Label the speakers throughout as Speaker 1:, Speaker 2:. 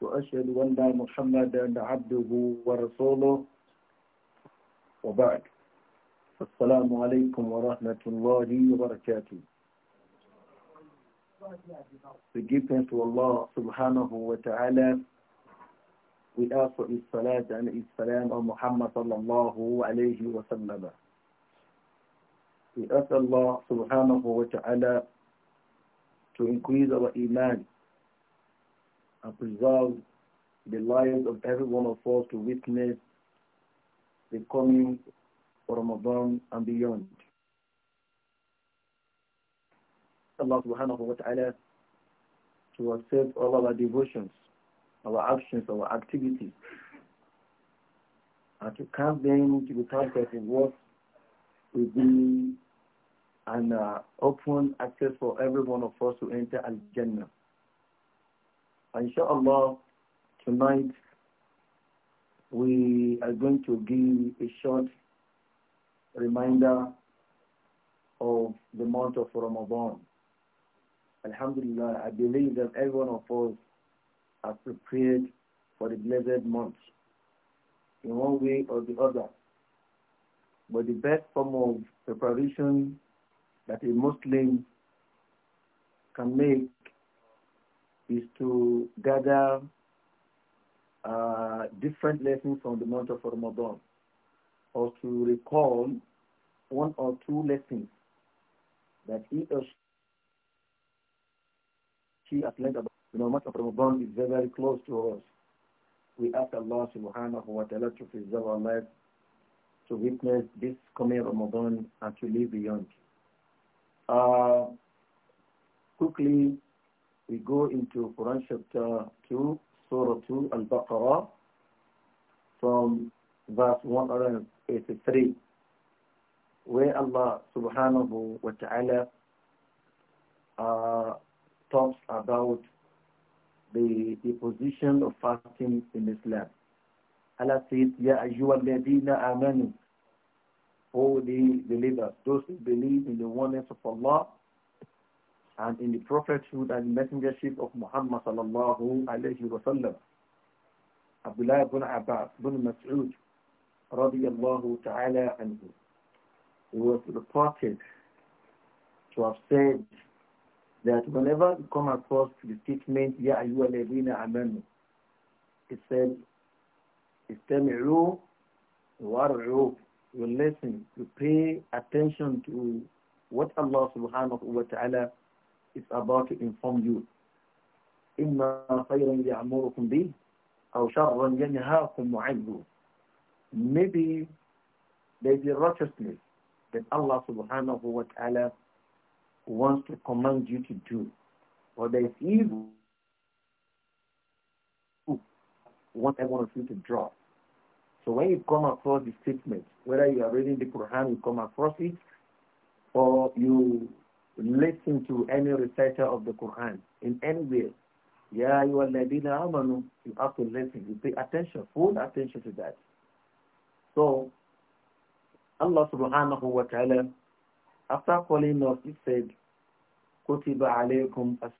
Speaker 1: وأشهد أن محمدا عبده ورسوله وبعد السلام عليكم ورحمة الله وبركاته Forgiveness to Allah subhanahu wa ta'ala. We ask for his salat and his salam on Muhammad sallallahu alayhi wa sallam. We ask Allah subhanahu wa ta'ala to increase our iman and preserve the lives of every one of us to witness the coming Ramadan and beyond. Allah subhanahu wa ta'ala to accept all our devotions, our actions, our activities, and to count them to the count of what will be an uh, open access for every one of us to enter Al-Jannah. Inshallah, tonight we are going to give a short reminder of the month of Ramadan. Alhamdulillah, I believe that every one of us are prepared for the blessed month in one way or the other. But the best form of preparation that a Muslim can make is to gather uh, different lessons from the month of Ramadan or to recall one or two lessons that he or she has learned about. The month of Ramadan is very, very close to us. We ask Allah subhanahu wa ta'ala to preserve our lives to witness this coming Ramadan and to live beyond. Uh, quickly, we go into Quran chapter 2, Surah 2, Al-Baqarah, from verse 183, where Allah subhanahu wa ta'ala uh, talks about the, the position of fasting in Islam. Allah says, Ya ayyuhalladhina amanu, O the believers, those who believe in the oneness of Allah, and in the prophethood and messengership of Muhammad sallallahu alayhi wa sallam. Abdullah ibn Abbas ibn Mas'ud radiyallahu ta'ala anhu. It was reported to have said that whenever you come across the statement, Ya ayyuhalladhina amanu, it said, Istami'u war'u, you listen, you pay attention to what Allah subhanahu wa ta'ala is about to inform you. إِمَّا خَيْرًا يَعْمُرُكُمْ بِهِ أَوْ شَرًّا يَنْهَاكُمْ عَنْهُ Maybe there is a righteousness that Allah subhanahu wa ta'ala wants to command you to do. Or there is evil wants I want you to draw. So when you come across the statement, whether you are reading the Quran, you come across it, or you listen to any reciter of the Quran in any way. Ya ayyuhalladhina amanu, you have to listen, you pay attention, full attention to that. So, Allah subhanahu wa ta'ala, after calling us, he said, Kutiba alaykum as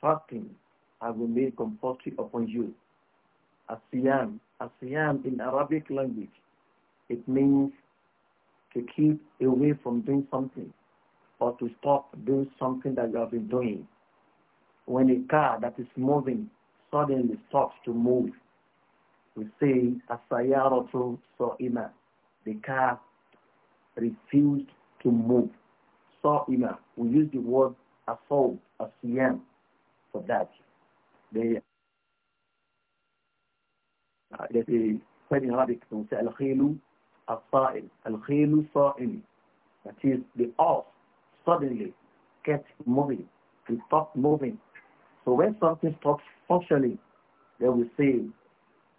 Speaker 1: Fasting has been made compulsory upon you. As-siyam, as-siyam in Arabic language, it means to keep away from doing something or to stop doing something that you have been doing. When a car that is moving suddenly stops to move, we say, Asayaratu So'ima. The car refused to move. So'ima. We use the word assault, asiyam, for that. They, uh, they say, in Arabic, we say, Al-Khilu Al-Sa'il. Al-Khilu Sa'il. That thats the off suddenly gets moving and stops moving. So when something stops functioning, then we say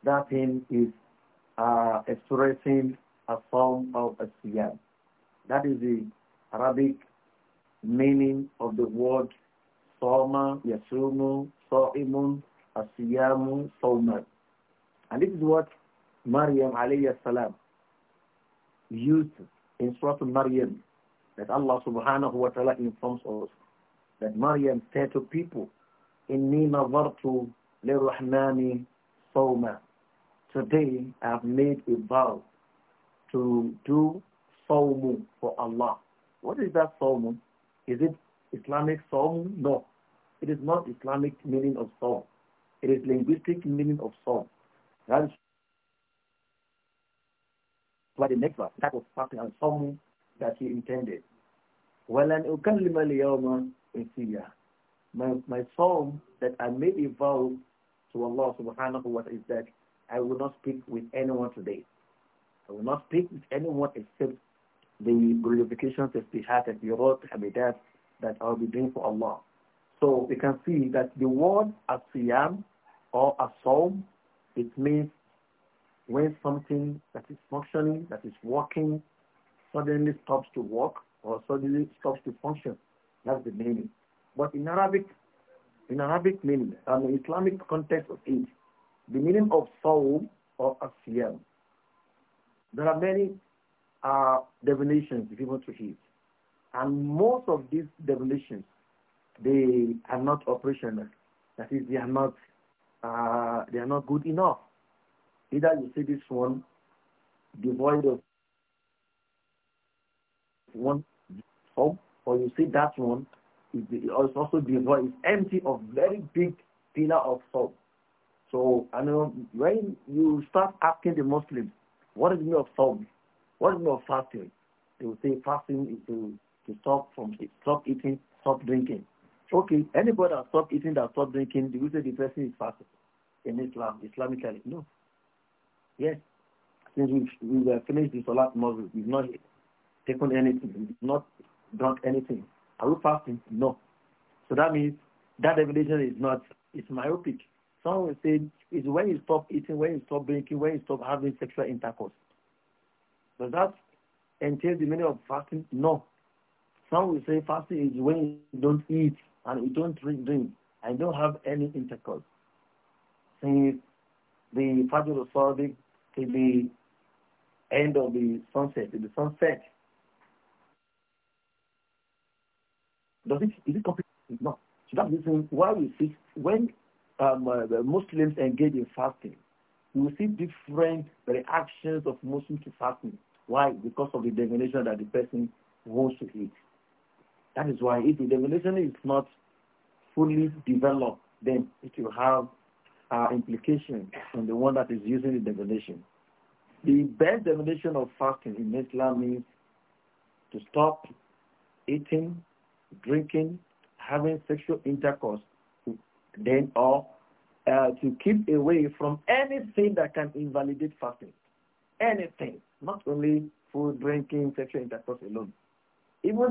Speaker 1: that thing is uh, a form of a siyam. That is the Arabic meaning of the word soma, yasumu, so'imun, asiyamu, soman. And this is what Maryam alayhi salam used in Surah Maryam that Allah subhanahu wa ta'ala informs us that Maryam said to people, إِنِّي نَظَرْتُ لِرَحْمَانِ sawma." Today I have made a vow to do sawm for Allah. What is that sawm? Is it Islamic sawm? No. It is not Islamic meaning of sawm. It is linguistic meaning of sawm. That is why the next verse, that was fasting and that he intended. my, my song that I made a vow to Allah subhanahu wa ta'ala is that I will not speak with anyone today. I will not speak with anyone except the glorifications, the spihat, and the rot, habitat that I'll be doing for Allah. So we can see that the word asiyam or asom, it means when something that is functioning, that is working, suddenly stops to walk or suddenly stops to function. That's the meaning. But in Arabic, in Arabic meaning, in Islamic context of it, the meaning of soul or asiyam, there are many uh, definitions if you want to it, And most of these definitions, they are not operational. That is, they are not, uh, they are not good enough. Either you see this one devoid of one form, or you see that one is also devoid, is empty of very big pillar of salt. So, I when you start asking the Muslims, what is the meaning of salt? What is the meaning of fasting? They will say fasting is to, to stop from stop eating, stop drinking. Okay, anybody that stop eating, that stop drinking, do you say the person is fasting in Islam, Islamically? No. Yes. Since we we finished the Salat Maghrib, we've not taken anything. not drunk anything. Are we fasting? No. So that means that revelation is not, it's myopic. Some will say it's when you stop eating, when you stop drinking, when you stop having sexual intercourse. Does that entail the meaning of fasting? No. Some will say fasting is when you don't eat and you don't drink, drink and don't have any intercourse. Since the Fajr of Sadiq till the end of the sunset, the sunset, Does it, is it completely? No. So that's the reason why we see when um, uh, Muslims engage in fasting, we see different reactions of Muslims to fasting. Why? Because of the divination that the person wants to eat. That is why if the divination is not fully developed, then it will have uh, implication on the one that is using the divination. The best definition of fasting in Islam means to stop eating drinking, having sexual intercourse, then or uh, to keep away from anything that can invalidate fasting. Anything, not only food, drinking, sexual intercourse alone. Even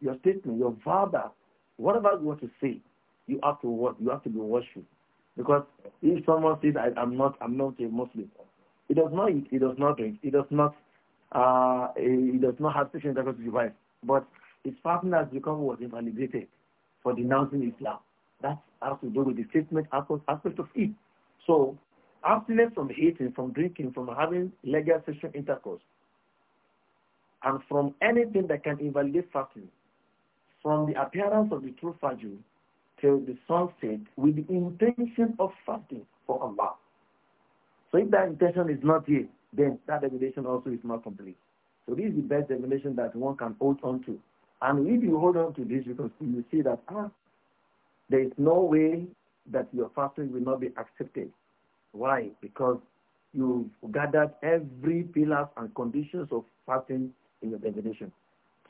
Speaker 1: the your statement, your vow that whatever you want to say, you have to what you have to be watchful. Because if someone says I, am not I'm not a Muslim, he does not eat, he does not drink, he does not uh, he does not have sexual intercourse with his wife. But his partners has become was invalidated for denouncing Islam. That has to do with the statement aspect of it. So abstinence from eating, from drinking, from having legal sexual intercourse, and from anything that can invalidate fasting, from the appearance of the true Fajr till the sunset with the intention of fasting for Allah. So if that intention is not here, then that regulation also is not complete. So this is the best regulation that one can hold on to. And if you hold on to this, because you see that ah, there is no way that your fasting will not be accepted. Why? Because you've gathered every pillar and conditions of fasting in your definition.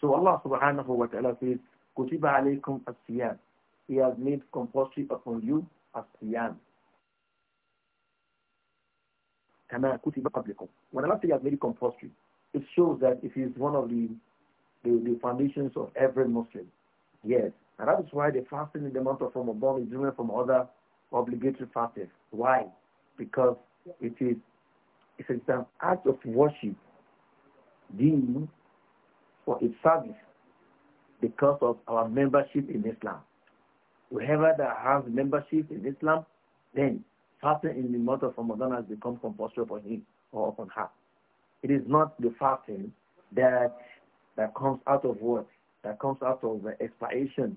Speaker 1: So Allah subhanahu wa ta'ala says, Kutiba alaykum as-siyam. He has made compulsory upon you as-siyam. Kama kutiba When Allah says he has made it compulsory, it shows that if is one of the the, the foundations of every Muslim. Yes. And that is why the fasting in the month of Ramadan is different from other obligatory fasting. Why? Because it is it's an act of worship due for its service because of our membership in Islam. Whoever that has membership in Islam, then fasting in the month of Ramadan has become compulsory upon him or upon her. It is not the fasting that that comes out of what? That comes out of expiation,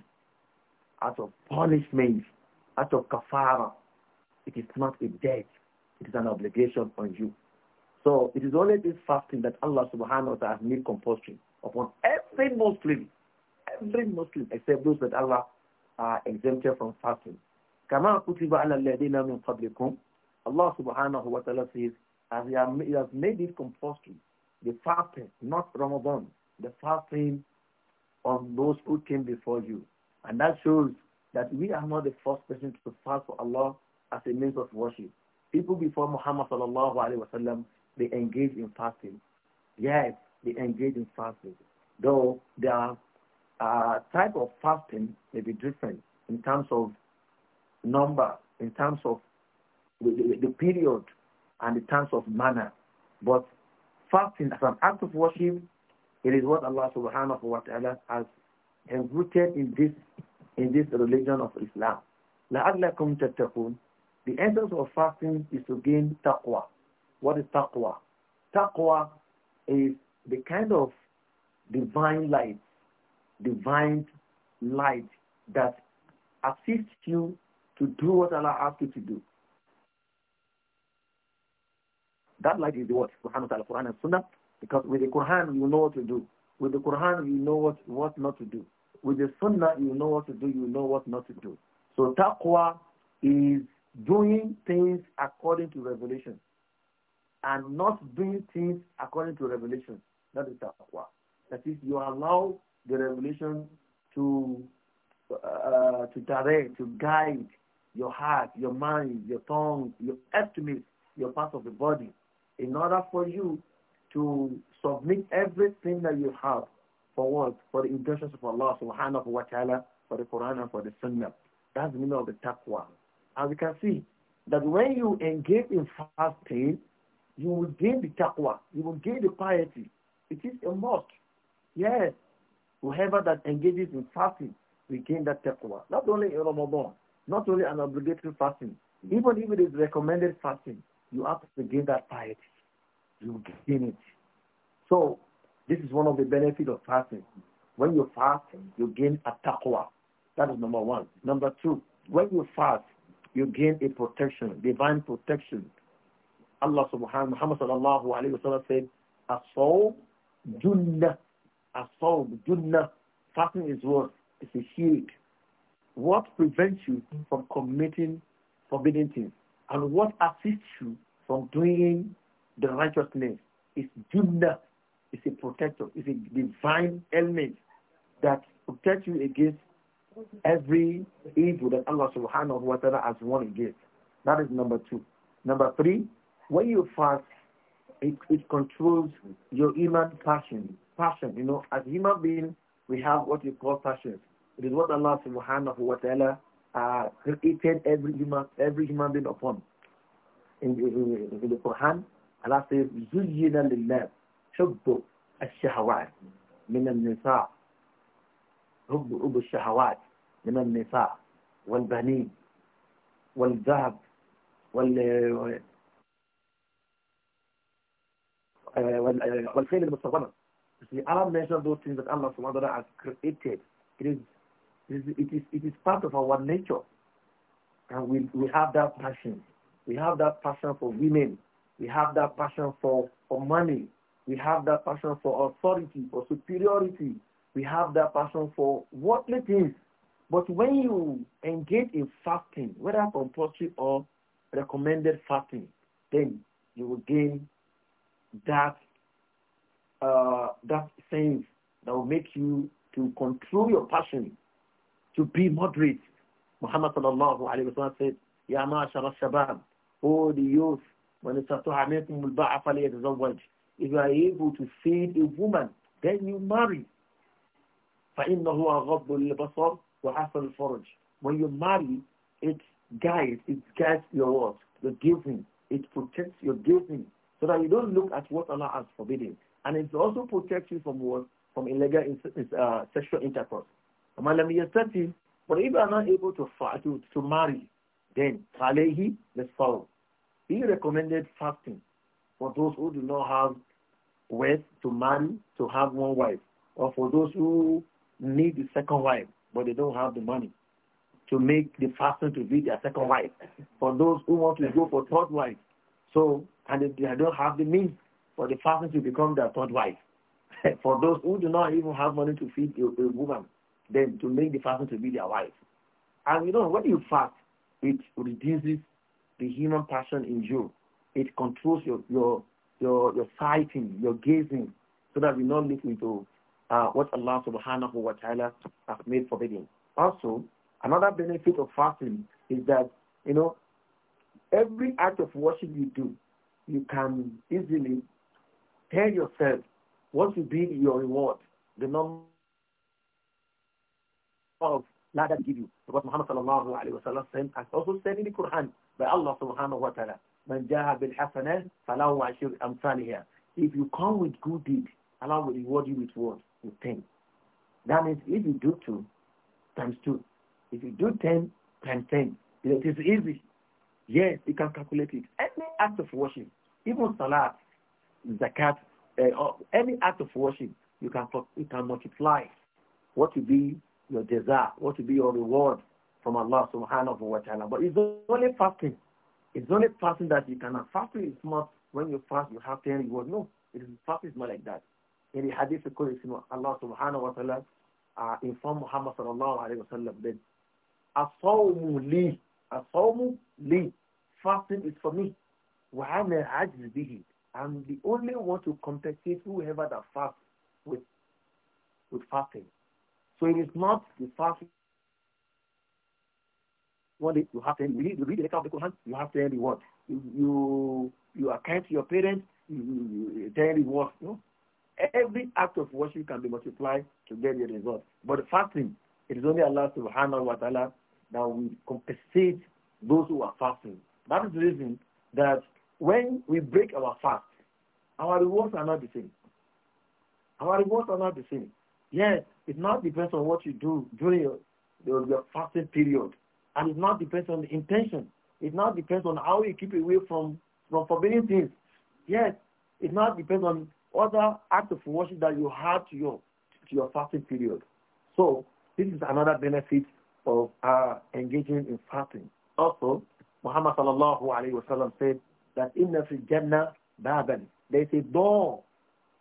Speaker 1: out of punishment, out of kafara. It is not a debt. It is an obligation on you. So it is only this fasting that Allah subhanahu wa ta'ala has made compulsory upon every Muslim, every Muslim except those that Allah are uh, exempted from fasting. كما كتب على الذين Min قبلكم Allah subhanahu wa ta'ala says as he has made it compulsory the fasting not Ramadan the fasting of those who came before you. And that shows that we are not the first person to fast for Allah as a means of worship. People before Muhammad sallallahu alaihi wasallam, they engaged in fasting. Yes, they engaged in fasting. Though their uh, type of fasting may be different in terms of number, in terms of the, the period, and in terms of manner. But fasting as an act of worship it is what Allah subhanahu wa ta'ala has enrooted in this, in this religion of Islam. لَعَلَّكُمْ تَتَّقُونَ The essence of fasting is to gain taqwa. What is taqwa? Taqwa is the kind of divine light, divine light that assists you to do what Allah asks you to do. That light is the what? Subhanahu wa ta'ala, Quran and Sunnah. Because with the Quran, you know what to do. With the Quran, you know what, what not to do. With the Sunnah, you know what to do, you know what not to do. So taqwa is doing things according to revelation and not doing things according to revelation. That is taqwa. That is, you allow the revelation to uh, to direct, to guide your heart, your mind, your tongue, your estimate, your part of the body, in order for you to submit everything that you have for what? For the intentions of Allah subhanahu wa ta'ala, for the Quran and for the Sunnah. That's the meaning of the taqwa. As you can see, that when you engage in fasting, you will gain the taqwa, you will gain the piety. It is a must. Yes. Whoever that engages in fasting will gain that taqwa. Not only in Ramadan, not only an obligatory fasting. Even if it is recommended fasting, you have to gain that piety you gain it. So this is one of the benefits of fasting. When you fast, you gain a taqwa. That is number one. Number two, when you fast, you gain a protection, divine protection. Allah subhanahu Muhammad sallallahu alayhi wa sallam said, Asaw junnah. Asaw junnah. Fasting is what? It's a shield. What prevents you from committing forbidden things? And what assists you from doing the righteousness is Jumna, It's a protector, It's a divine element that protects you against every evil that Allah subhanahu wa ta'ala has warned against. That is number two. Number three, when you fast, it, it controls your human passion. Passion, you know, as human beings, we have what we call passions. It is what Allah subhanahu wa ta'ala uh, created every human, every human being upon. In, in, in the Quran, Allah says, زُيِّنَ لِلَّهِ حُبُّ الشَّهَوَاتِ مِنَ النِّسَاءِ حب حب الشهوات من النساء والبنين والذهب وال والخيل المستخدمة. The Arab mentioned those things that Allah subhanahu wa ta'ala has created. It is, it is, it is part of our nature. And we, we have that passion. We have that passion for women. We have that passion for, for money. We have that passion for authority, for superiority. We have that passion for worldly things. But when you engage in fasting, whether compulsory or recommended fasting, then you will gain that uh, that sense that will make you to control your passion, to be moderate. Muhammad sallallahu alayhi wa sallam said, Ya ma'ashara shabab, O the youth, when If you are able to feed a woman, then you marry. فَإِنَّهُ أَغَضُّ الْبَصَرِ وَحَسَ الْفَرْجِ When you marry, it guides, it guides your what? Your giving. It protects your giving. So that you don't look at what Allah has forbidden. And it also protects you from what? From illegal uh, sexual intercourse. But if you are not able to, to, to marry, then let's follow. He recommended fasting for those who do not have wealth to marry, to have one wife, or for those who need the second wife, but they don't have the money to make the fasting to be their second wife, for those who want to go for third wife, so and they, they don't have the means for the fasting to become their third wife, for those who do not even have money to feed a woman, then to make the fasting to be their wife. And you know, when you fast, it reduces the human passion in you. It controls your your your your sighting, your gazing, so that we not look into uh, what Allah subhanahu wa ta'ala has made forbidden. Also, another benefit of fasting is that, you know, every act of worship you do, you can easily tell yourself what will be your reward, the number of لا that give you. Because Muhammad sallallahu alayhi wa sallam sent, has also said in the Quran by Allah subhanahu wa ta'ala, من جاء بالحسنة فله عشر أمثالها. If you come with good deed, Allah will reward you with what? With 10. That means if you do 2, times 2. If you do 10, times 10. It is easy. Yes, you can calculate it. Any act of worship, even salat, zakat, uh, any act of worship, you can you can multiply what you be your desire, what will be your reward from Allah subhanahu wa ta'ala. But it's only fasting. It's only fasting that you cannot. Fasting is not when you fast you have 10 reward. No, it is, fasting is not like that. In the hadith of Allah subhanahu wa ta'ala uh, informed Muhammad sallallahu alayhi wa sallam that asawmu li, asawmu li, fasting is for me. وَعَنَا عَجْزِ بِهِ I'm the only one to compensate whoever that fasts with, with fasting. So it is not the fast one it you have to you read, read the letter of the Quran, you have to end the word. You, you, are kind to your parents, you, you tell the word. You know? Every act of worship can be multiplied to get the result. But the fasting, it is only Allah subhanahu wa ta'ala that will compensate those who are fasting. That is the reason that when we break our fast, our rewards are not the same. Our rewards are not the same. Yes, it now depends on what you do during your, your, your fasting period. And it now depends on the intention. It now depends on how you keep away from, from forbidden things. Yes, it now depends on other acts of worship that you have to your, to your fasting period. So this is another benefit of uh, engaging in fasting. Also, Muhammad sallallahu alayhi wa sallam said that in the Jannah Baban, there is a door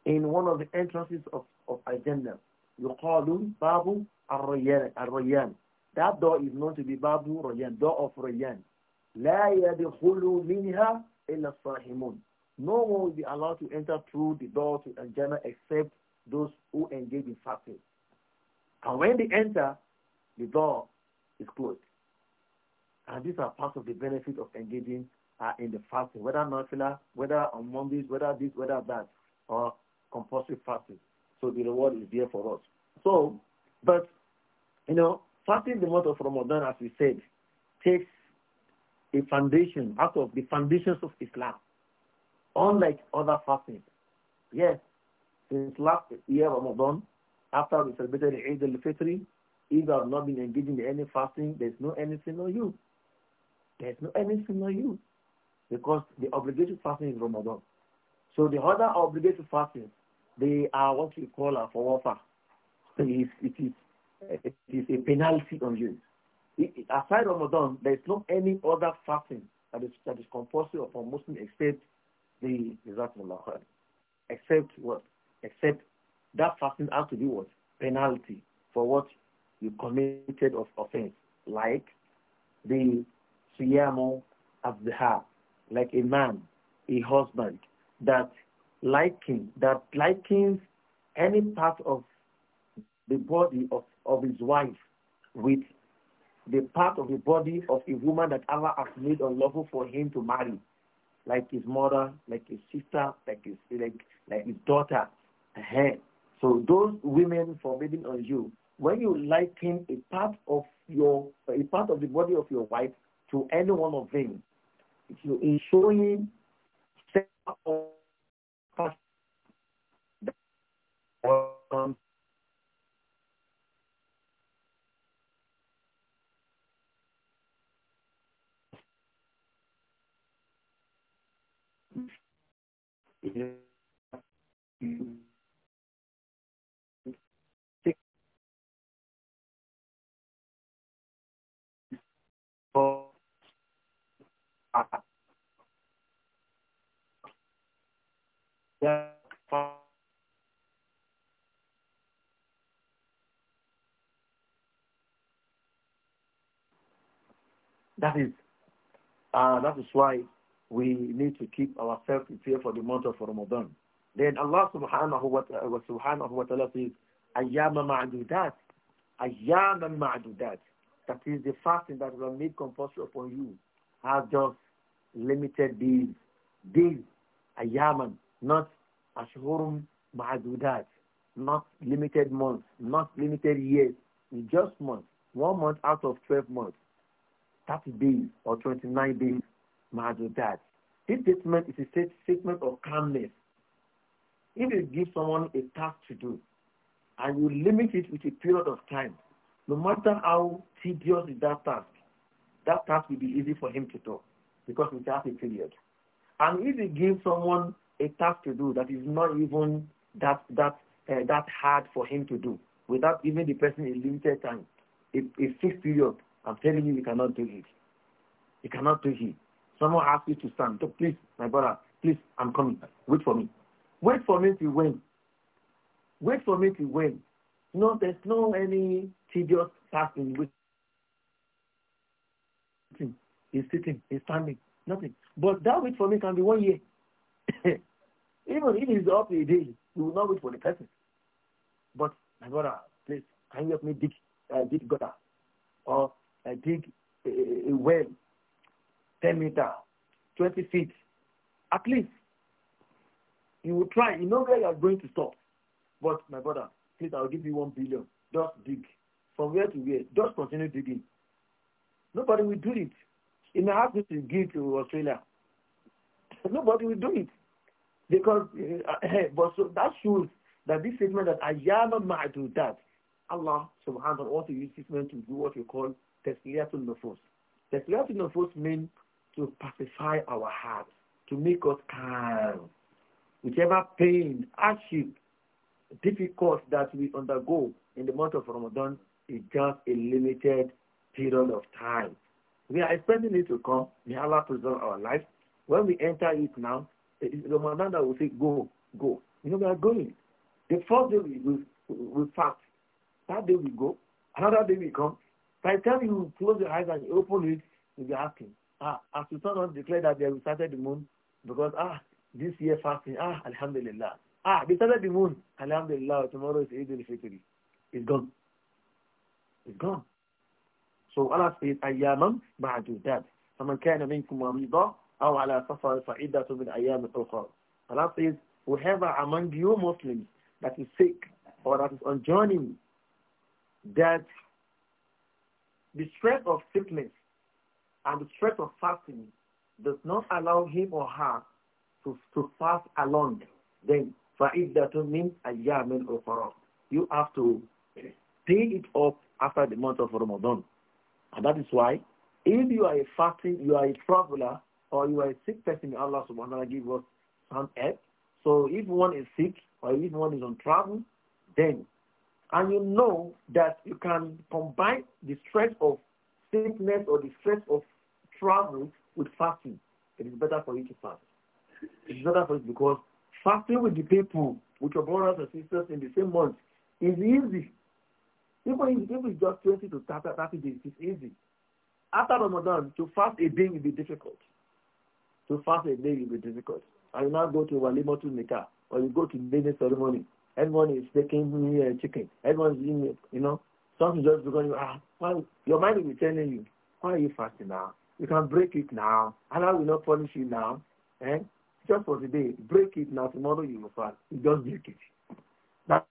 Speaker 1: in one of the entrances of, of Al-Jannah. يقال باب الريان الريان That door is known to be Babu Rayyan, door of Rayyan. لا يدخل منها إلا الصاحمون. No one will be allowed to enter through the door to Al-Jannah except those who engage in fasting. And when they enter, the door is closed. And these are part of the benefit of engaging uh, in the fasting, whether nafila, whether on Mondays, whether this, whether that, or compulsory fasting. So the reward is there for us. So, but, you know, fasting the month of Ramadan, as we said, takes a foundation out of the foundations of Islam, unlike other fasting. Yes, since last year Ramadan, after we celebrated Eid al-Fitr, if you have not been engaging in any fasting, there's no anything on you. There's no anything on you because the obligatory fasting is Ramadan. So the other obligatory fasting they are uh, what we call a uh, forwarder. It is, it is, it is a penalty on you. It, aside Ramadan, there is no any other fasting that is, that is compulsory for Muslim except the Jazakumullah Except what? Except that fasting has to be what? Penalty for what you committed of offense. Like the of the heart, like a man, a husband, that liking, that likens any part of the body of, of his wife with the part of the body of a woman that Allah has made unlawful for him to marry, like his mother, like his sister, like his, like, like his daughter. Uh-huh. So those women forbidden on you, when you liken a part of your a part of the body of your wife to any one of them, you in showing sexual um, you That is, uh, that is why we need to keep ourselves prepared for the month of Ramadan. Then Allah subhanahu wa, wa subhanahu wa ta'ala says, Ayyama ma'adudat. Ayyama ma'adudat. That is the fasting that will made compulsory upon you. Has just limited these. days, ayyaman not ashhurum ma'adudat, not limited months, not limited years, it's just months, one month out of 12 months, 30 days or 29 days ma'adudat. This statement is a statement of calmness. If you give someone a task to do and you limit it with a period of time, no matter how tedious is that task, that task will be easy for him to do because we have a period. And if you give someone a task to do that is not even that that uh, that hard for him to do without giving the person a limited time, a, a fixed period. I'm telling you, you cannot do it. You cannot do it. Someone asks you to stand. So please, my brother, please, I'm coming. Wait for me. Wait for me to win. Wait for me to win. No, there's no any tedious task in which he's sitting, he's standing, nothing. But that wait for me can be one year. Even if he's up a day, he will not wait for the person. But my brother, please, can you help me dig uh, dig gutter or uh, dig a, a well, ten meter, twenty feet, at least. You will try. You know where you are going to stop. But my brother, please, I will give you one billion. Just dig from where to where. Just continue digging. Nobody will do it. In my house, to give to Australia. Nobody will do it. Because, uh, but so that shows that this statement that Ayyama Ma'adudat, Allah subhanahu wa ta'ala also uses this man to do what we call Tesliyatul nofus. Tesliyatul nofus means to pacify our hearts, to make us calm. Whichever pain, hardship, difficult that we undergo in the month of Ramadan is just a limited period of time. We are expecting it to come. May Allah preserve our life. When we enter it now, the eh, eh, Ramadan that will say, go, go. You know, we are going. The first day we, we, we fast. That day we go. Another day we come. By the time you close your eyes and you open it, you'll be asking, ah, as the turn declared that they started the moon because, ah, this year fasting, ah, alhamdulillah. Ah, they started the moon, alhamdulillah, tomorrow is Eid al-Fitr. It's gone. It's gone. So Allah says, أياما معدودات فمن كان منكم مريضا أو على سفر فعدة من أيام أخرى Allah says whoever among you Muslims that is sick or that is on journey that the stress of sickness and the stress of fasting does not allow him or her to, to fast alone, then فَإِذَّةٌ مِنْ أَيَّامٍ أُخْرَى You have to pay it up after the month of Ramadan. And that is why, if you are a fasting, you are a traveler, or you are a sick person, may Allah subhanahu wa ta'ala give us some help. So if one is sick or if one is on travel, then, and you know that you can combine the stress of sickness or the stress of travel with fasting, it is better for you to fast. It is better for you because fasting with the people, with your brothers and sisters in the same month, is easy. Even if it's just 20 to 30 days, it's easy. After Ramadan, to fast a day will be difficult to fast a day will be difficult. I will not go to Walimotu Nika, or you go to business ceremony. Everyone is taking me a chicken. Everyone is eating, you know. Something just because you, ah, well, your mind will be telling you, why are you fasting now? You can break it now. Allah will not punish you now. Eh? Just for today, break it now. Tomorrow you will fast. You just break it. That,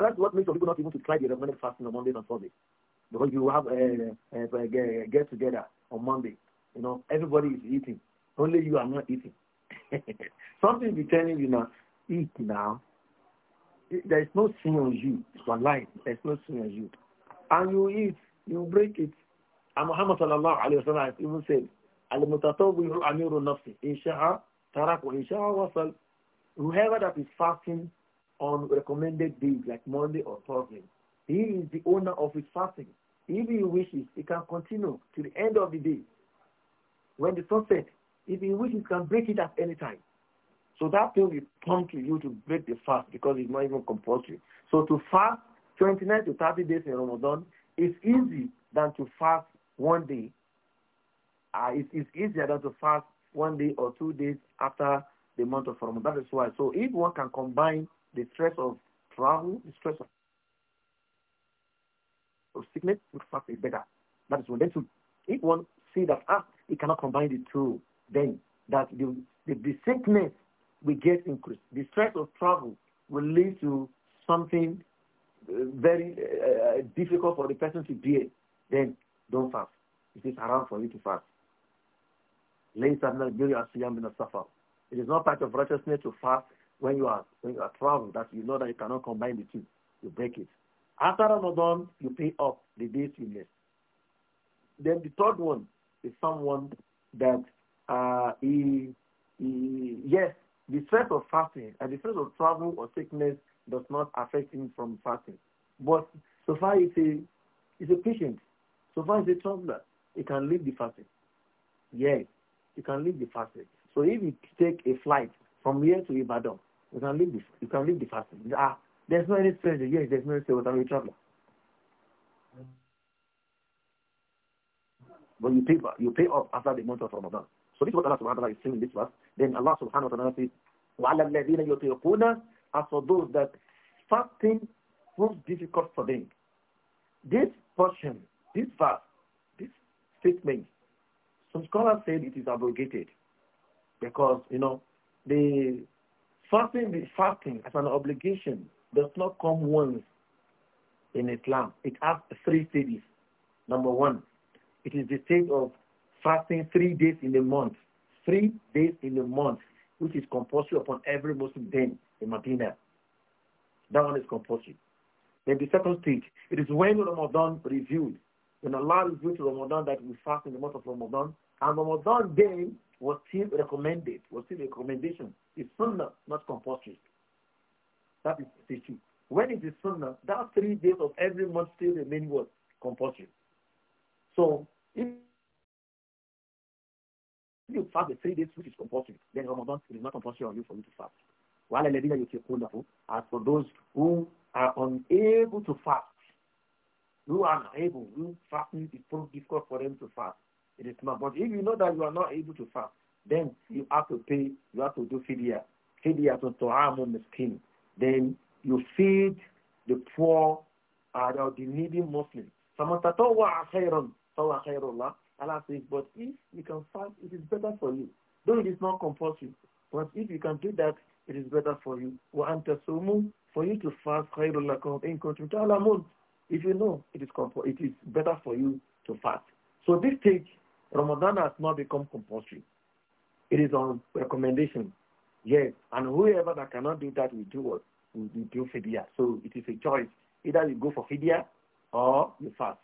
Speaker 1: that's what makes people not even to try the recommended fasting on Monday and Sunday. Because you have eh, a, a, eh, a, eh, a get-together on Monday you know, everybody is eating. Only you are not eating. Something be telling you now, eat now. There is no sin on you. It's online. There is no sin on you. And you eat, you break it. And Muhammad sallallahu alayhi wa sallam has even said, Al-Mutatawiru Amiru Nafsi, Insha'a Tarak wa Insha'a Wasal. Whoever that is fasting on recommended days like Monday or Thursday, he is the owner of his fasting. If he wishes, he can continue to the end of the day when the sunset, if he you can break it at any time. So that thing will prompt you to break the fast because it's not even compulsory. So to fast 29 to 30 days in Ramadan is easy than to fast one day. Uh, it is easier than to fast one day or two days after the month of Ramadan. That is why. So if one can combine the stress of travel, the stress of, of sickness, with fast is better. That is one. Then to, if one see that, ah, he cannot combine the two. Then that the, the, the sickness we get increased. The stress of travel will lead to something uh, very uh, uh, difficult for the person to bear. Then don't fast. It is haram for you to fast. It is not part of righteousness to fast when you are when you are traveling that you know that you cannot combine the two. You break it. After Ramadan, you pay off the days you missed. Then the third one, is someone that uh, he, he, yes, the stress of fasting and the stress of travel or sickness does not affect him from fasting. But so far he's a, he's a patient. So far he's a traveler. He can leave the fasting. Yes, he can leave the fasting. So if you take a flight from here to Ibadan, you can leave the, you can leave the fasting. Ah, there's no any stress. Yes, there's no stress. But I'm a traveler. but you pay you pay off after the month of Ramadan. So this is what Allah subhanahu wa ta'ala is saying in this verse. Then Allah subhanahu wa ta'ala says, وَعَلَى الَّذِينَ يُطِيقُونَ As for those that fasting proves difficult for them. This portion, this verse, this statement, some scholars said it is abrogated because, you know, the fasting, the fasting as an obligation does not come once in Islam. It has three stages. Number one, it is the state of fasting three days in a month, three days in a month, which is compulsory upon every Muslim then in Medina. That one is compulsory. Then the second stage, it is when Ramadan reviewed, When Allah reviewed to Ramadan that we fast in the month of Ramadan, and Ramadan then was still recommended, was still a recommendation. It's sunnah, not compulsory. That is stage two. When it is sunnah, that three days of every month still remain was Compulsory. So If you fast the three days, which is compulsory, then Ramadan it is not compulsory on you for you to fast. While the you Eledina Yotikolahu, as for those who are unable to fast, who are unable, who fasting is so difficult for them to fast, it is not. But if you know that you are not able to fast, then you have to pay, you have to do fidya, fidya to on the skin. Then you feed the poor uh, the needy Muslim. فَمَنْ تَطَوَّعَ خَيْرًا Allah khairullah, Allah says, but if you can fast, it is better for you. Though it is not compulsory, but if you can do that, it is better for you. For you to fast If you know it is it is better for you to fast. So this stage, Ramadan has not become compulsory. It is on recommendation. Yes, and whoever that cannot do that will do what? Will do fidya. So it is a choice. Either you go for fidya or you fast.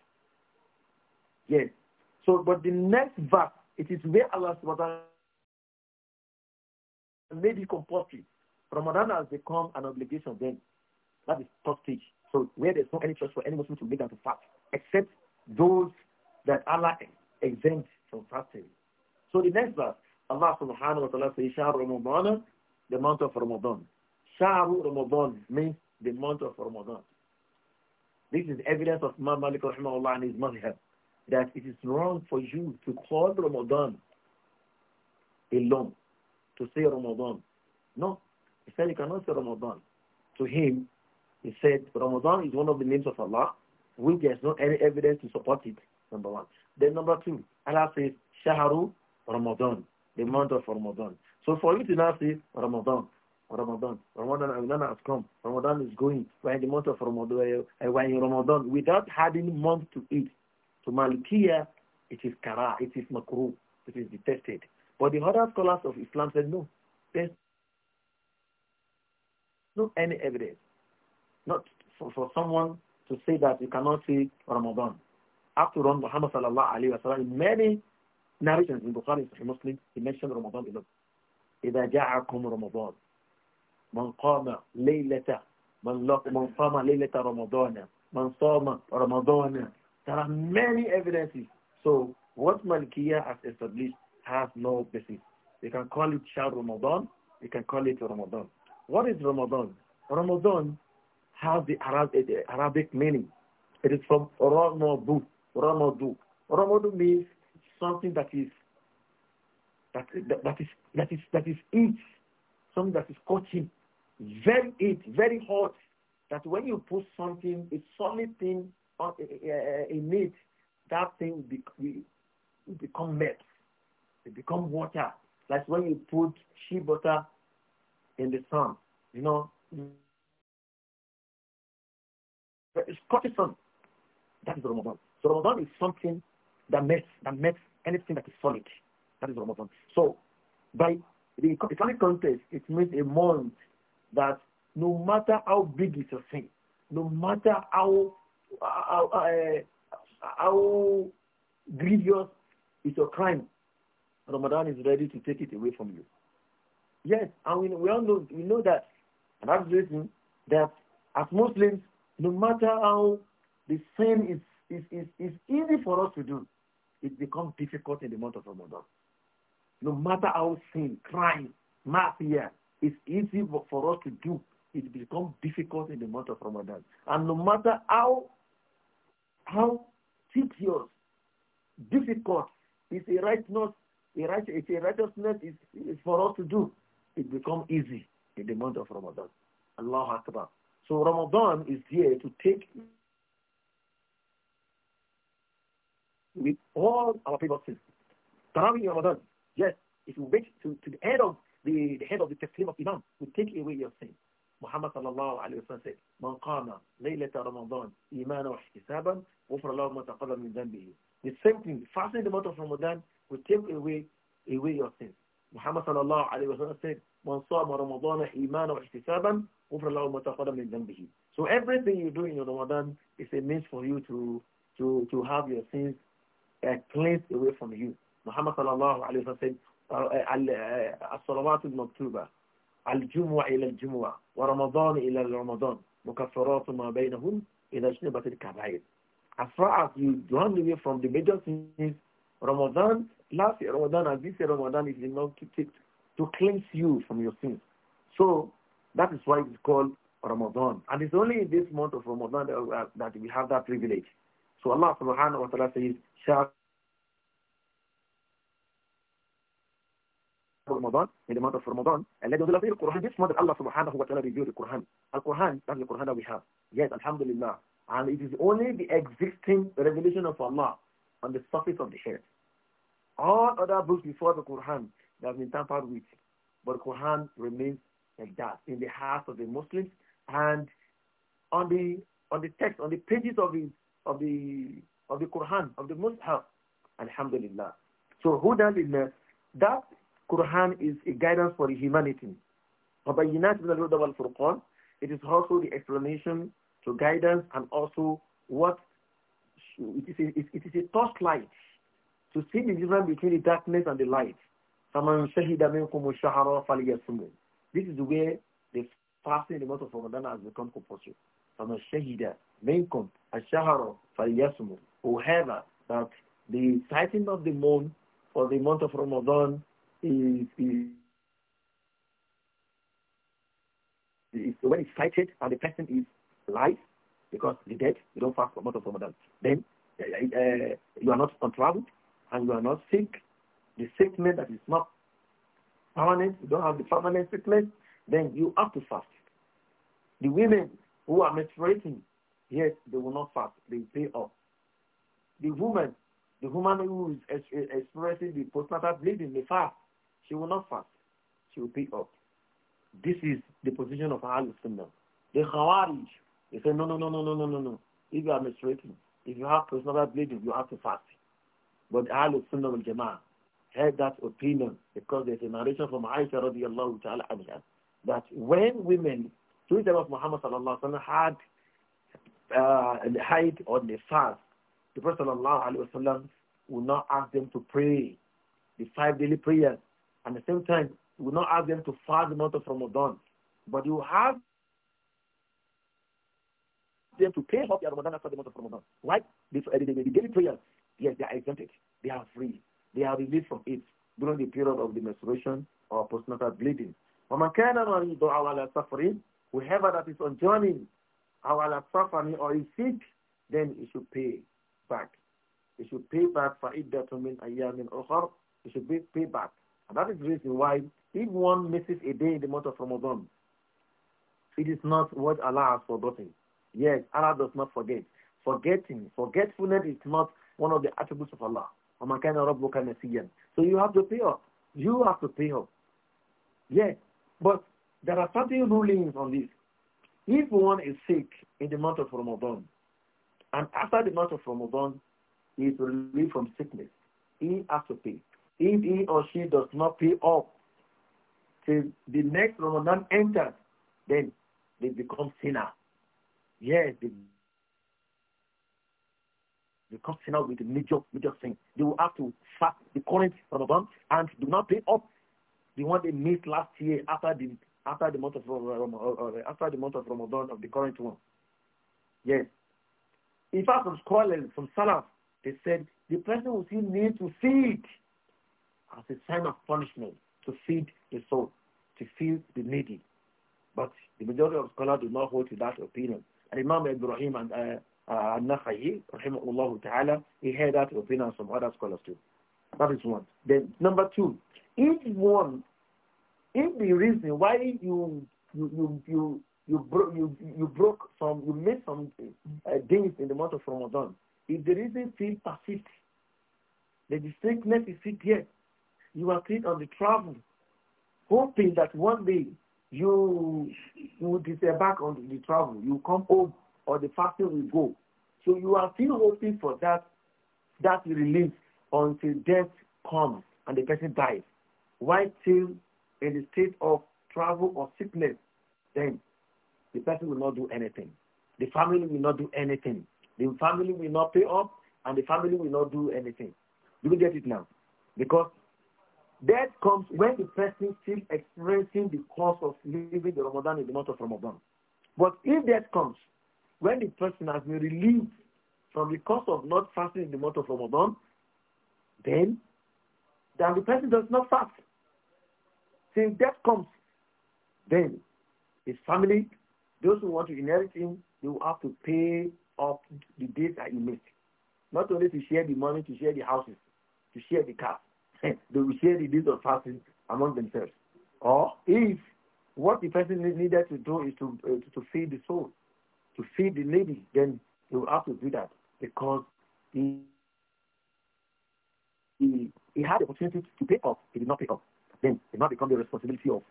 Speaker 1: Yes. So, but the next verse, it is where Allah subhanahu made it compulsory. Ramadan has become an obligation then. That is first stage. So where there's no any choice for any Muslim to make them to fast, except those that Allah exempt from fasting. So the next verse, Allah subhanahu wa ta'ala says, Shah Ramadan, the month of Ramadan. Sharu Ramadan means the month of Ramadan. This is evidence of Imam Malik rahimahullah and his mazhab that it is wrong for you to call Ramadan alone, to say Ramadan. No, he said you cannot say Ramadan. To him, he said Ramadan is one of the names of Allah, which there's no any evidence to support it, number one. Then number two, Allah says Shaharu Ramadan, the month of Ramadan. So for you to now say Ramadan, Ramadan, Ramadan, Ramadan has come, Ramadan is going, when the month of Ramadan, when Ramadan, without having month to eat. So Malikiya, it is kara, it is makruh, it is detested. But the other scholars of Islam said no. There's no any evidence. Not for, for someone to say that you cannot see Ramadan. After all, Muhammad sallallahu alayhi wa sallam, many narrations in Bukhari and Muslim, he mentioned Ramadan in إذا جاءكم رمضان من قام ليلة من, من صام ليلة رمضان من صام رمضان there are many evidences. So what Malikiya has established has no basis. They can call it Shah Ramadan. They can call it Ramadan. What is Ramadan? Ramadan has the Arabic meaning. It is from Ramadu. Ramadu. Ramadu means something that is that, that, that is that is that is heat, something that is scorching, very heat, very hot. That when you put something, a solid thing uh, uh, uh, in it, that thing be, become melt. It become water. Like when you put shea butter in the sun, you know. It's cortisone. That is Ramadan. So Ramadan is something that melts, that melts anything that is solid. That is Ramadan. So by the Islamic context, it means a month that no matter how big is your thing, no matter how how, uh, how grievous is your crime, Ramadan is ready to take it away from you. Yes, and we, we all know we know that, and that's the reason that as Muslims, no matter how the sin is, is, is, is easy for us to do, it becomes difficult in the month of Ramadan. No matter how sin, crime, mafia is easy for us to do, it becomes difficult in the month of Ramadan. And no matter how how tedious, difficult is a righteousness, a, right, a righteousness is, is for us to do. It becomes easy in the month of Ramadan. Allah Akbar. So Ramadan is here to take with all our people sins. Tarawih Ramadan, yes, if you wait to, to the end of the, the head of the Tafsir of Imam, we take away your sins. محمد صلى الله عليه وسلم said, Man qama laylata Ramadan imana wa ihtisaban, wufra lahu ma taqaddama min The same thing, fasting the month of Ramadan will take away away your sins. Muhammad sallallahu alayhi wa sallam said, Man sama Ramadan imana wa ihtisaban, wufra lahu ma taqaddama min So everything you do in Ramadan is a means for you to to to have your sins uh, cleansed away from you. محمد صلى الله عليه وسلم said, الصلوات المكتوبة uh, uh, الجمعة إلى الجمعة ورمضان إلى رمضان مكفرات ما بينهم إذا اجتنبت الكبائر as far you run away from the major sins Ramadan last year Ramadan and this year Ramadan is enough to take to cleanse you from your sins so that is why it's called Ramadan and it's only in this month of Ramadan that, uh, that we have that privilege so Allah subhanahu wa ta'ala says in the month of Ramadan, and let us love the Quran. This month Allah subhanahu wa ta'ala revealed the Quran. Al-Quran, that's the Quran that we have. Yes, Alhamdulillah. And it is only the existing revelation of Allah on the surface of the earth. All other books before the Quran that have been tampered with, but Quran remains like that in the hearts of the Muslims and on the on the text, on the pages of the of the of the Quran, of the Mus'haf. Alhamdulillah. So hudan lillah, that Quran is a guidance for humanity. but by وَبَيِّنَاتِ مِنَ Al-Furqan, it It is also the explanation to guidance and also what it is a, it is a torch light to see the difference between the darkness and the light. This is where the fasting in the month of Ramadan has become compulsory. فَمَنْ شَهِدَ مِنْكُمْ الشَّهَرَ فَلْيَصُمُهُ Whoever that the sighting of the moon for the month of Ramadan is, is, when it's cited and the person is alive, because the dead, you don't fast for month of Ramadan. Then uh, you are not untraveled and you are not sick. The sickness that is not permanent, you don't have the permanent sickness, then you have to fast. The women who are menstruating, yes, they will not fast. They pay off. The woman, the woman who is experiencing the postnatal bleeding, they fast. She will not fast. She will pick up. This is the position of Ahlul Sunnah. The Khawarij, they say, no, no, no, no, no, no, no, no. If you are menstruating, if you have personal bleeding, you have to fast. But Ahlul Sunnah al Jama'ah had that opinion because there's a narration from Aisha radiallahu ta'ala anha that when women, through the of Muhammad sallallahu alayhi wa had, had uh, height on the fast, the Prophet sallallahu alayhi wa sallam would not ask them to pray the five daily prayers at the same time, you will not ask them to fast the month of Ramadan, but you have them to pay off their Ramadan after the month of Ramadan. Right? They, the they, daily prayers, yes, they are exempted. They are free. They are released from it during the period of the menstruation or postnatal bleeding. وَمَنْ كَانَ مَرِيضُ أَوْ عَلَى Whoever that is on journey our suffering or is sick, then he should pay back. He should pay back it. That mean a year, أُخَرٍ He should pay back and that is the reason why if one misses a day in the month of Ramadan, it is not what Allah has forgotten. Yes, Allah does not forget. Forgetting, forgetfulness is not one of the attributes of Allah. So you have to pay up. You have to pay up. Yes, but there are certain rulings on this. If one is sick in the month of Ramadan, and after the month of Ramadan, he is relieved from sickness, he has to pay if he or she does not pay up till the next Ramadan enters, then they become sinner. Yes, they become sinner with major, major sin. They will have to fast the current Ramadan and do not pay up the one they missed last year after the after the month of uh, uh, uh, after the month of Ramadan of the current one. Yes. In fact, some scholars, from salaf, they said the person will still need to feed as a sign of punishment to feed the soul, to feed the needy. But the majority of scholars do not hold to that opinion. And Imam Ibrahim and uh, uh, Nakhai, rahimahullah ta'ala, he held that opinion from other scholars too. That is one. Then number two, if one, if the reason why you you you you you, bro- you, you broke some, you made some uh, days in the month of Ramadan, if the reason still persists, the distinctness is still there, you are still on the travel, hoping that one day you, will disappear back on the, travel, you come home, or the fasting will go. So you are still hoping for that, that relief until death comes and the person dies. Why till in the state of travel or sickness, then the person will not do anything. The family will not do anything. The family will not pay up and the family will not do anything. Do you get it now? Because Death comes when the person still experiencing the cost of living the Ramadan in the month of Ramadan. But if death comes when the person has been relieved from the cost of not fasting in the month of Ramadan, then, then the person does not fast. Since death comes, then his family, those who want to inherit him, they will have to pay off the debt that he made. Not only to share the money, to share the houses, to share the cars. Eh, they will share the days of fasting among themselves. Or if what the person needed to do is to, uh, to feed the soul, to feed the lady, then they will have to do that because he, he, he had the opportunity to pay up, he did not pay up. Then it now become the responsibility of,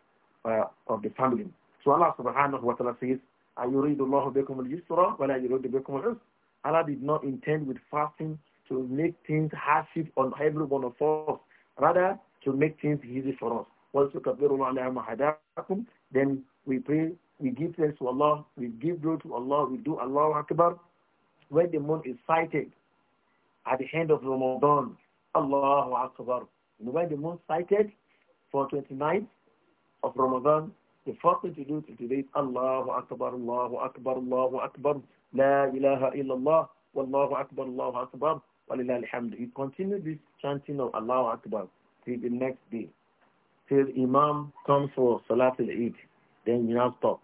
Speaker 1: uh, of the family. So Allah subhanahu wa ta'ala says, أَيُرِيدُ اللَّهُ بِكُمُ الْيُسْرَ وَلَا يُرِيدُ بِكُمُ الْعُسْرَ Allah did not intend with fasting to make things hardship on every one of us. Rather, to make things easy for us. Then we pray, we give thanks to Allah, we give glory to Allah, we do Allah Akbar. When the moon is sighted at the end of Ramadan, Allahu Akbar. And when the moon sighted for 29th of Ramadan, the first thing to do to today is Allahu Akbar, Allahu Akbar, Allahu Akbar, La ilaha illallah, Wallahu Akbar, Allahu Akbar. Walillah alhamd. You continue this chanting of Allah Akbar till the next day. Till Imam comes for Salatul eid Then you now stop.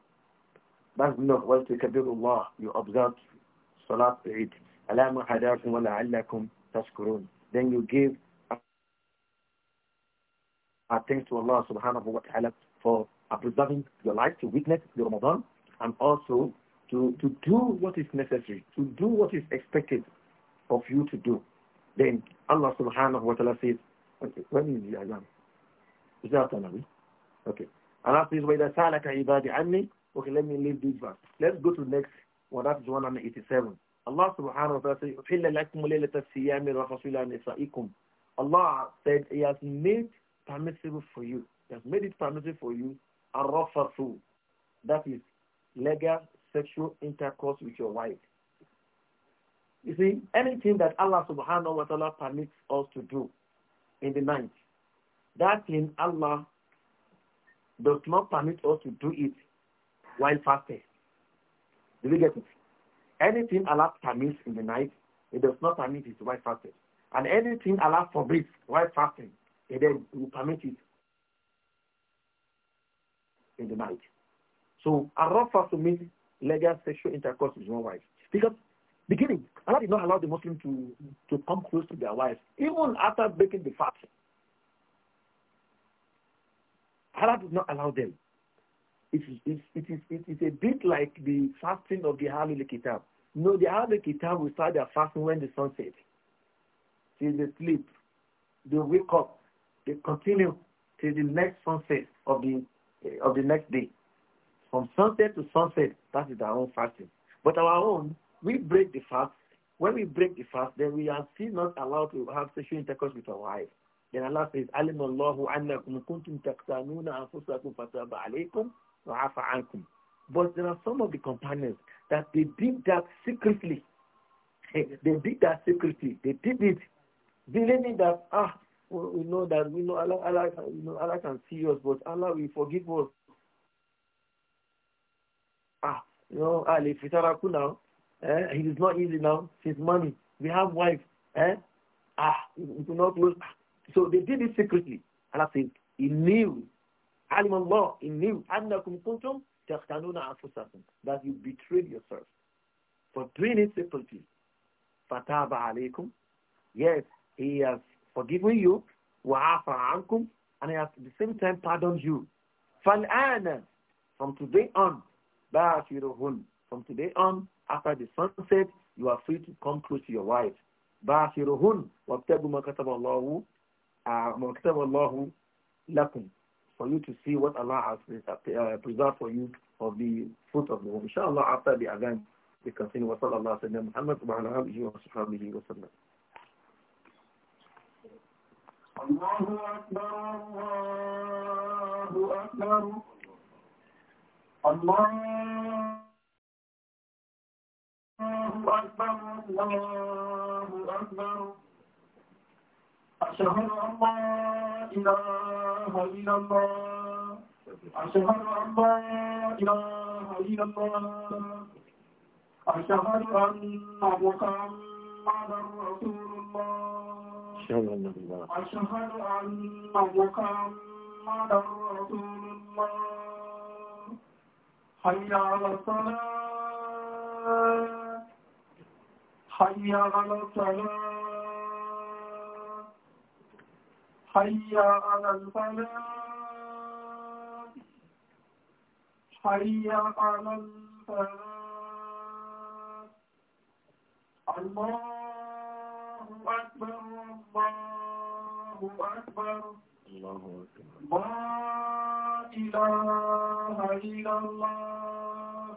Speaker 1: That's not what to kabirullah. You observe Salatul eid Alama hadakum wa la'allakum tashkurun. Then you give thanks to Allah subhanahu wa ta'ala for preserving your life to witness the Ramadan and also to, to do what is necessary, to do what is expected of you to do. Then Allah subhanahu wa ta'ala says, okay, when is the Azam? Is that Tanawi? Okay. Allah says, وَإِذَا سَعْلَكَ عِبَادِ عَنِّي Okay, let me leave this verse. Let's go to the next one. That is 187. Allah subhanahu wa ta'ala says, أُحِلَّ لَكُمُ لَيْلَةَ السِّيَامِ رَفَصُولَ نِسَائِكُمْ Allah said, He has made permissible for you. He has made it permissible for you. Arafasu. That is legal sexual intercourse with your wife. You see, anything that Allah subhanahu wa ta'ala permits us to do in the night, that thing Allah does not permit us to do it while fasting. Do you get it? Anything Allah permits in the night, it does not permit it while fasting. And anything Allah forbids while fasting, it then will permit it in the night. So, a rough fast to legal sexual intercourse with one wife. Because beginning, did not allow the Muslim to, to come close to their wives, even after breaking the fast. Allah did not allow them. is, it, it, is, it is a bit like the fasting of the Ahlul Kitab. No, the Ahlul Kitab will start their fasting when the sun sets. Till they sleep. They wake up. They continue till the next sunset of the, uh, of the next day. From sunset to sunset, that is our own fasting. But our own, we break the fast when we break the fast, then we are still not allowed to have sexual intercourse with our wife. Then Allah says, "Alim Allahu annakum kuntum taqtanuna anfusakum fataba alaykum wa afa ankum." But there are some of the companions that they did that secretly. they did that secretly. They did it believing that ah, we know that we know Allah, Allah, you know Allah can see us, but Allah will forgive us. Ah, you know, Ali, ah, if it's now, Eh? He is not easy now. His money. We have wife. Eh? Ah, we do not lose. So they did it secretly. And I said, he knew. Alim Allah, he knew. Annakum kuntum takhtanuna anfusakum. That you betrayed yourself. For doing it secretly. Fataba alaykum. Yes, he has forgiven you. Wa'afa ankum. And he has at the same time pardoned you. Fal'ana. From today on. Bashiruhun. From today on, after the sunset, you are free to come close to your wife. بَاشِرُهُنْ وَابْتَغُوا مَا كَتَبَ اللَّهُ مَا كَتَبَ اللَّهُ لَكُمْ For you to see what Allah has uh, preserved for you of the fruit of the womb. Inshallah, after the event, we continue. Wa الله سيدنا wa وعلى اله وصحبه وسلم الله أكبر الله الله أكبر الله أكبر أشهد أن لا إله إلا الله أشهد أن لا إله إلا الله أشهد أن محمدا رسول الله أشهد أن محمدا رسول الله حي على الصلاة حي على الصلاة حي على الفلاح حي على الفلاح الله أكبر الله أكبر الله أكبر لا إله إلا الله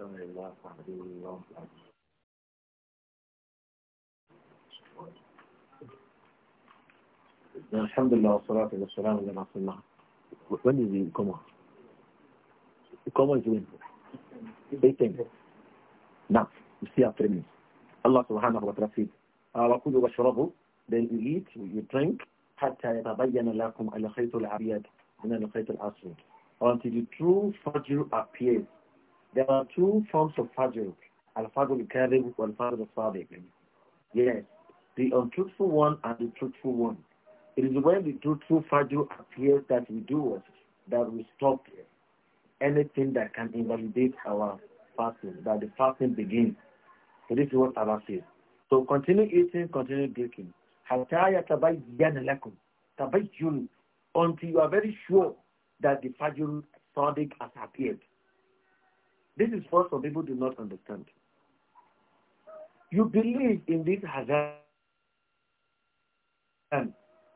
Speaker 1: لا إله إلا الله Alhamdulillah wa salatu wa salam ala Rasulullah. When is the coma? The coma is when? 8 Now, you see after me. Allah subhanahu wa ta'ala said, وَكُلُوا وَاشْرَبُوا Then you eat, you drink, حَتَّى يَتَبَيَّنَ لَكُمْ الْخَيْطُ الْعَبِيَدُ مِنَ الْخَيْطُ الْأَسْوَدِ Until the true Fajr appears. There are two forms of Fajr. Al-Fajr al-Karib and Al-Fajr al-Sadiq. Yes, the untruthful one and the truthful one. It is when the true Fajr appears that we do That we stop anything that can invalidate our fasting, that the fasting begins. So this is what Allah says. So continue eating, continue drinking. Until you are very sure that the Fajr Sadiq has appeared. This is what some people do not understand. You believe in this hazard.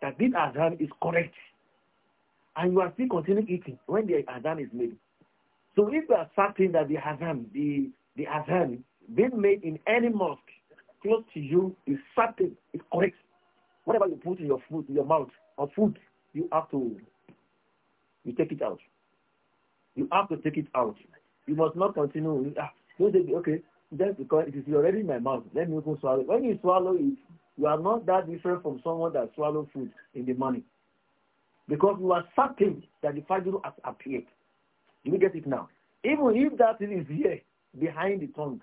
Speaker 1: that this adhan is correct. And you are still continuing eating when the adhan is made. So if you are certain that the adhan, the, the adhan being made in any mosque close to you is certain, is correct. Whatever you put in your food, your mouth or food, you have to you take it out. You have to take it out. You must not continue. Ah, okay, just because it is already in my mouth, let me go swallow. When you swallow it, you are not that different from someone that swallowed food in the morning. Because you are certain that the Fajr has appeared. Do you get it now? Even if that thing is here, behind the tongue,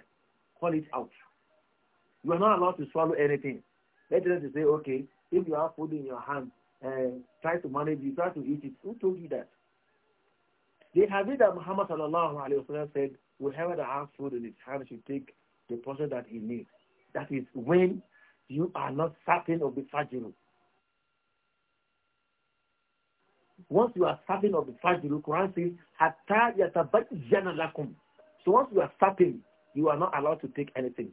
Speaker 1: call it out. You are not allowed to swallow anything. Let us say, okay, if you have food in your hand, uh, try to manage it, try to eat it. Who told you that? The habit that Muhammad sallallahu alayhi wa sallam said, whoever has food in his hand should take the portion that he needs. That is when you are not certain of the Fajr. Once you are certain of the you Quran says, Hatta yatabayyana lakum. So once you are certain, you are not allowed to take anything.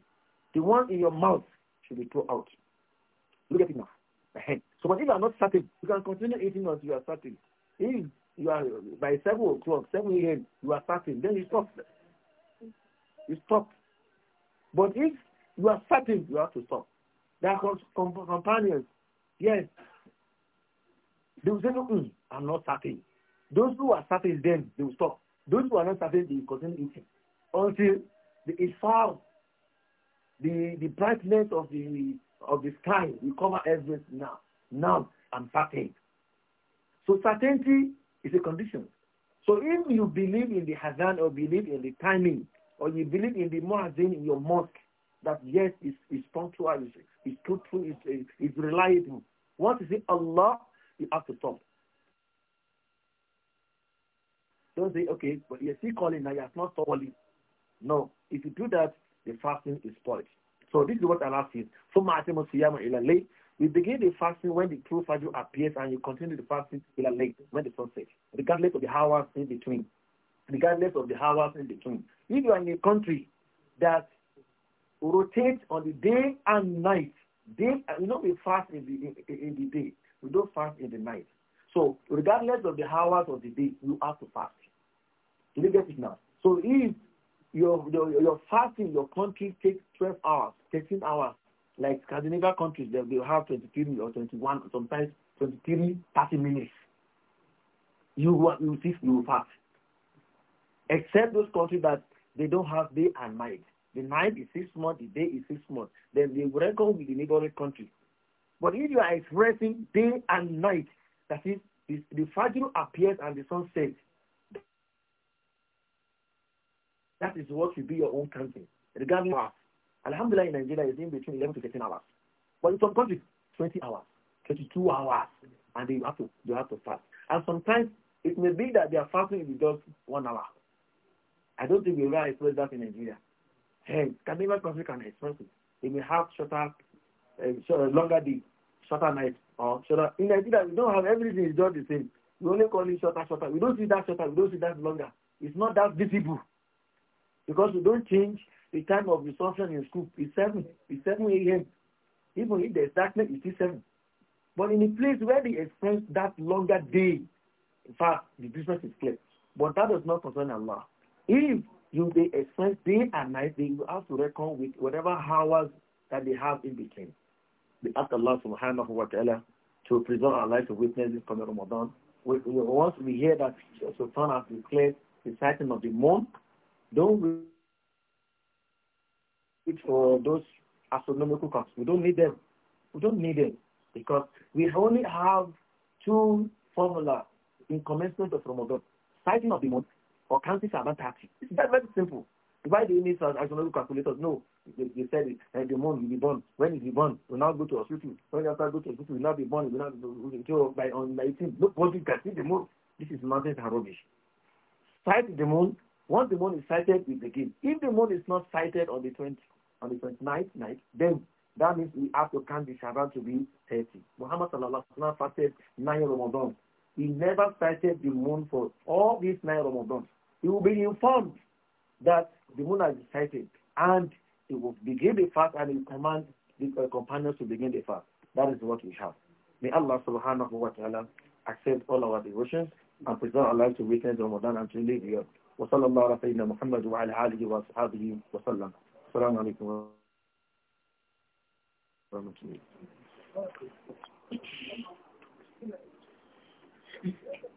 Speaker 1: The one in your mouth should be thrown out. Look at it now. So but if you are not certain, you can continue eating until you are certain. If you are by 7 o'clock, 7 a.m., you are certain, then you stop. You stop. But if you are certain, you have to stop. their companions. Yes. They will say, no, mm, I'm not certain. Those who are certain, then they will stop. Those who are not certain, they will continue eating until it's it The, the brightness of the of the sky will cover everything now. Now I'm certain. So certainty is a condition. So if you believe in the Hazan or believe in the timing or you believe in the Muazzin in your mosque, that yes, it's, it's punctual, it's, it's truthful, it's, it's reliable. Once you say Allah, you have to stop. Don't say, okay, but you're still calling now you have not stolen. No. If you do that, the fasting is spoiled. So this is what Allah says. We begin the fasting when the true Fajr appears and you continue the fasting till late, when the sun sets, regardless of the hours in between. Regardless of the hours in between. If you are in a country that rotate on the day and night. Day, you uh, know, we fast in the, in, in the day. We don't fast in the night. So regardless of the hours of the day, you have to fast. Do you get it now? So if your, your, your fasting, your country takes 12 hours, 13 hours, like Scandinavian countries, they will have 23 or 21, sometimes 23, 30 minutes. You will, you will you will fast. Except those countries that they don't have day and night. The night is six months, the day is six months. Then they will reckon with the neighboring country. But if you are expressing day and night, that is, the, the Fajr appears and the sun sets, that is what should be your own counting. Regarding Alhamdulillah in Nigeria is in between 11 to 13 hours. But in some countries, 20 hours, 22 hours, and they have to, they have to fast. And sometimes it may be that they are fasting is just one hour. I don't think we will express that in Nigeria. Can even Carnival traffic can expensive. They may have shorter, um, uh, longer day, shorter night, or shorter. In Nigeria, we don't have everything is just the same. We only call it shorter, shorter. We don't see that shorter. We don't see that longer. It's not that visible because we don't change the time of resumption in school. It's seven. It's seven a.m. Even if there's darkness, is still seven. But in a place where they experience that longer day, in fact, the business is clear. But that does not concern Allah. If you they expense day and night. They will have to reckon with whatever hours that they have in between. We ask Allah subhanahu wa ta'ala to preserve our life to witness this coming Ramadan. We, we, once we hear that Sultan has declared the sighting of the moon, don't wait for those astronomical clocks. We don't need them. We don't need them because we only have two formula in commencement of Ramadan. Sighting of the moon or counting to about thirty. It's very, very simple. Why do you need astronomical calculators? No. They, they said it. And the moon will be born. When is he born? We now go to hospital. When after go to hospital, will not be born. Will not go until by on 19. Nobody can see the moon. This is nonsense and rubbish. Sight the moon. Once the moon is sighted, we begin. If the moon is not sighted on the twenty, on the 29th night, then that means we have to count the Shaban to be thirty. Muhammad sallallahu alaihi wasallam fasted nine Ramadan. He never sighted the moon for all these nine Ramadans. He will be informed that the moon has sighted and he will begin the fast and he will command the uh, companions to begin the fast. That is what we have. May Allah subhanahu wa ta'ala accept all our devotions and preserve our lives to witness Ramadan and to live here. وصلى الله على سيدنا محمد وعلى آله وأصحابه وسلم السلام عليكم الله